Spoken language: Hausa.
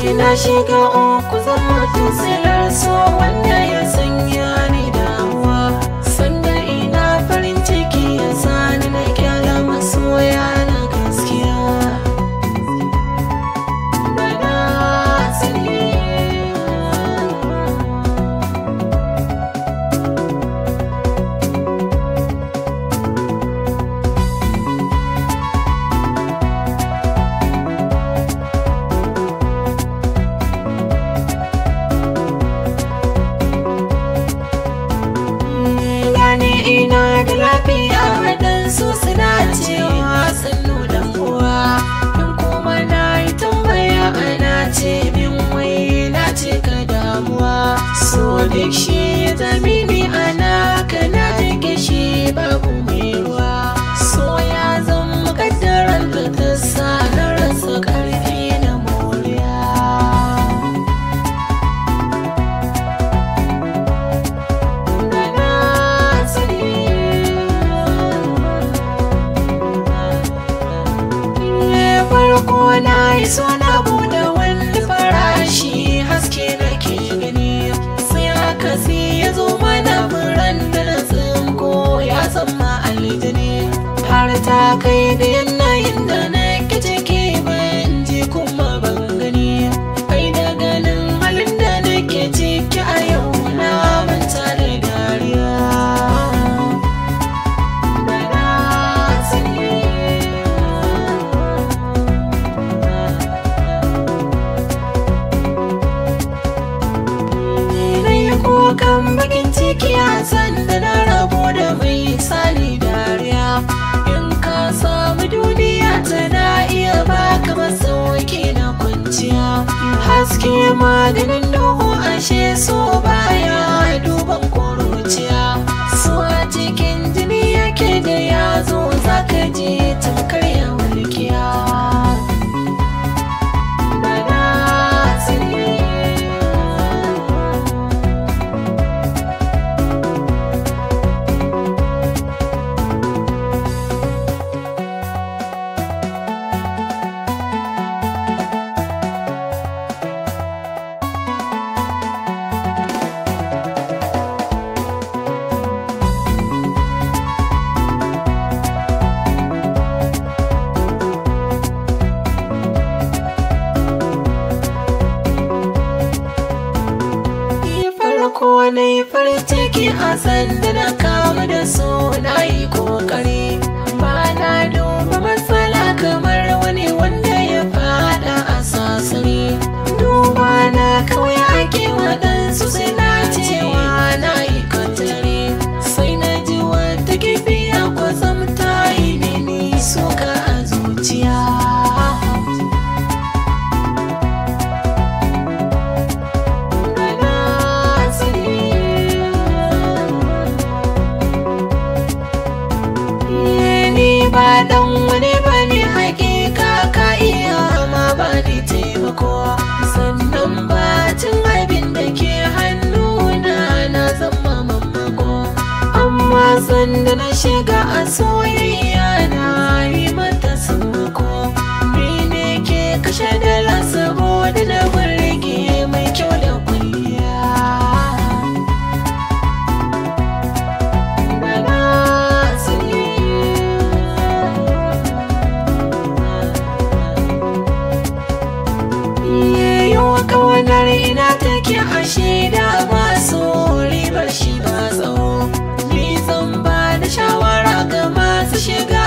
kina shiga uku zama tusilar so wanda ya sanya ni lafiya su suna cewa sannu da uwa in kuma na yi tambaya ana ce min wai na ce ka damuwa so duk shi yi na bude wani farashi haske na ke gani sai haka ya zo mana furan da na tsinko ya zama aljini har ta kai da zuciya haske maganin duhu ashe so baya duban ƙuruciya Su a cikin jini yake da zo zaka je ko na yi farin ciki a sanda na kama da su na yi kokari ba na duba matsala kamar wani wanda cin abin da ke hannuna na zama mamako amma sanda na shiga a soyayya na yi mata sammako mene ke kashe da Ƙaunar ina take ashe da masu so ribar shi ba tsawo. Ni zan ba da shawara ga masu shiga.